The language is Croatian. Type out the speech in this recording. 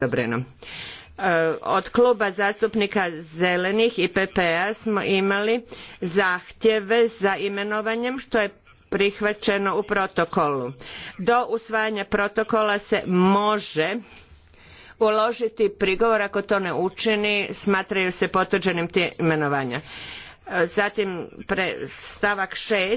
odobreno. E, od kluba zastupnika Zelenih i PPA smo imali zahtjeve za imenovanjem što je prihvaćeno u protokolu. Do usvajanja protokola se može uložiti prigovor ako to ne učini smatraju se potvrđenim imenovanja. E, zatim stavak 6